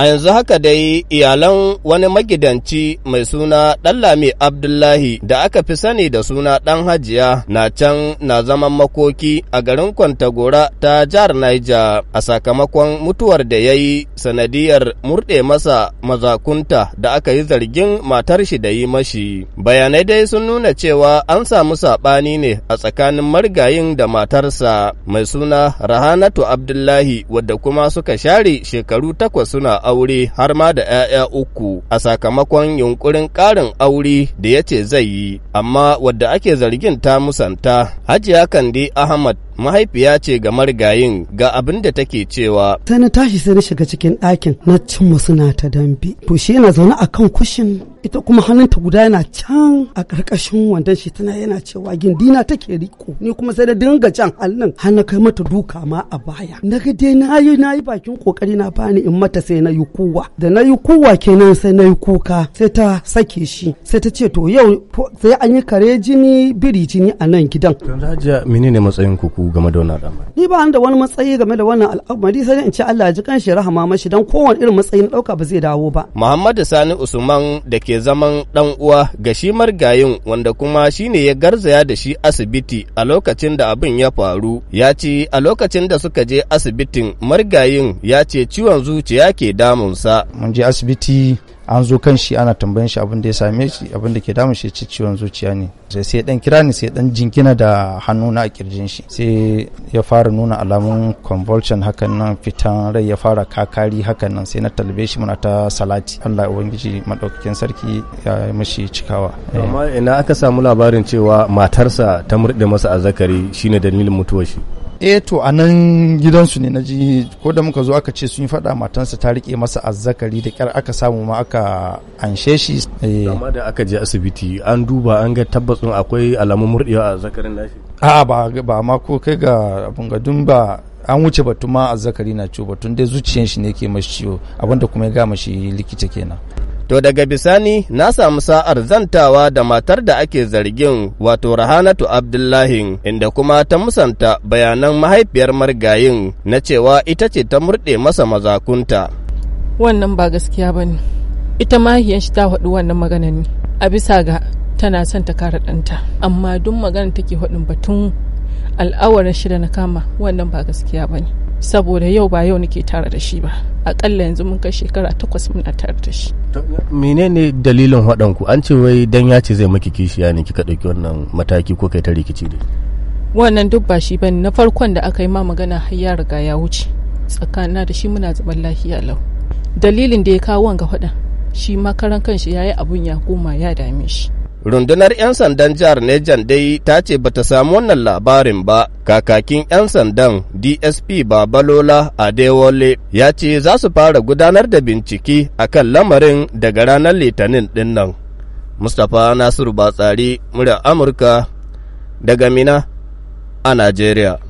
A yanzu haka dai iyalan wani magidanci mai suna Ɗanlami Abdullahi da aka fi sani da suna ɗan hajiya na can na zaman makoki a garin Kwantagora ta jihar Naija, a sakamakon mutuwar da ya yi sanadiyar murɗe masa mazakunta da aka yi zargin matar shi da yi mashi. Bayanai dai sun nuna cewa an samu saɓani ne a tsakanin marigayin da matarsa mai suna Rahanatu Abdullahi wadda kuma suka share shekaru takwas suna aure har ma da 'ya'ya uku a sakamakon yunkurin ƙarin aure da ya ce zai yi, amma wadda ake zargin ta musanta, Hajiya Kandi Ahmad mahaifiya ce ga marigayin ga abin da take cewa. Sai na tashi sai na shiga cikin ɗakin na cin suna ta dambe. To shi yana zaune a kan kushin ita kuma hannunta guda yana can a ƙarƙashin wandon shi tana yana cewa gindina take riko ni kuma sai da dinga can hannun har na kai mata duka ma a baya. Na ga dai na yi na yi bakin kokari na bani in mata sai na yi kuwa. Da na yi kuwa kenan sai na yi kuka sai ta sake shi sai ta ce to yau sai an yi kare jini biri jini a nan gidan. Raja menene matsayin kuku game da wannan al'amari ni ba da wani matsayi game da wannan al'amari sai in ce Allah ya ji kanshi rahama mashi dan kowane irin matsayi na dauka ba zai dawo ba Muhammadu Sani Usman da ke zaman dan uwa ga shi margayin wanda kuma shine ya garzaya da shi asibiti a lokacin da abin ya faru ya ce a lokacin da suka je asibitin margayin ya ce ciwon zuciya ke damunsa mun je asibiti an zo kan shi ana tambayan shi abin da ya same shi abin da ke damun shi ci ciwon zuciya ne sai sai dan kira ni sai dan jinkina da hannu na a kirjin shi sai ya fara nuna alamun convulsion hakan nan fitan rai ya fara kakari hakan nan sai na talbe shi muna ta salati Allah ubangiji madaukakin sarki ya mishi cikawa eh. amma ina aka samu labarin cewa matarsa ta murde masa azzakari shine dalilin mutuwar shi eh to a nan gidansu ne na ji ko da muka zo aka ce sun yi faɗa matansa ta rike masa azzakari da kyar aka samu ma aka anshe shi eh. amma da aka je asibiti an duba an ga tabbatsun akwai alamun murɗewa a zakarin lafiya. a ba ba ma ko kai ga abun ga ba an wuce batun ma azzakari na ciwo batun dai zuciyan shi ne ke mashi ciwo abinda kuma ya ga shi likita kenan To daga bisani na samu sa'ar zantawa da matar da ake zargin wato Rahanatu Abdullahi inda kuma ta musanta bayanan mahaifiyar margayin na cewa ita ce ta murɗe masa mazakunta. Wannan ba gaskiya ba ne. Ita mahiyan shi ta faɗi wannan magana ne a bisa ga tana son ta kara ɗanta amma duk magana take faɗin batun al'awar shida na kama wannan ba gaskiya ba ne. saboda yau ba yau nake tare da shi ba akalla yanzu mun kai shekara takwas muna tare da shi menene dalilin waɗanku an ce wai dan ya ce zai maki kishiya ne kika ɗauki wannan mataki ko kai ta rikici da wannan duk ba shi bane na farkon da aka yi ma magana har ya riga ya wuce tsakanina da shi muna zaman lafiya lau dalilin da ya kawo wanga faɗa shi makaran kanshi ya yi abun ya koma ya dame shi rundunar 'yan sandan jihar Nejan dai ta ce ba ta samu wannan labarin ba kakakin 'yan sandan dsp babalola adewole ya ce za su fara gudanar da bincike kan lamarin daga ranar litinin din nan mustapha nasiru batsari murya amurka daga mina a najeriya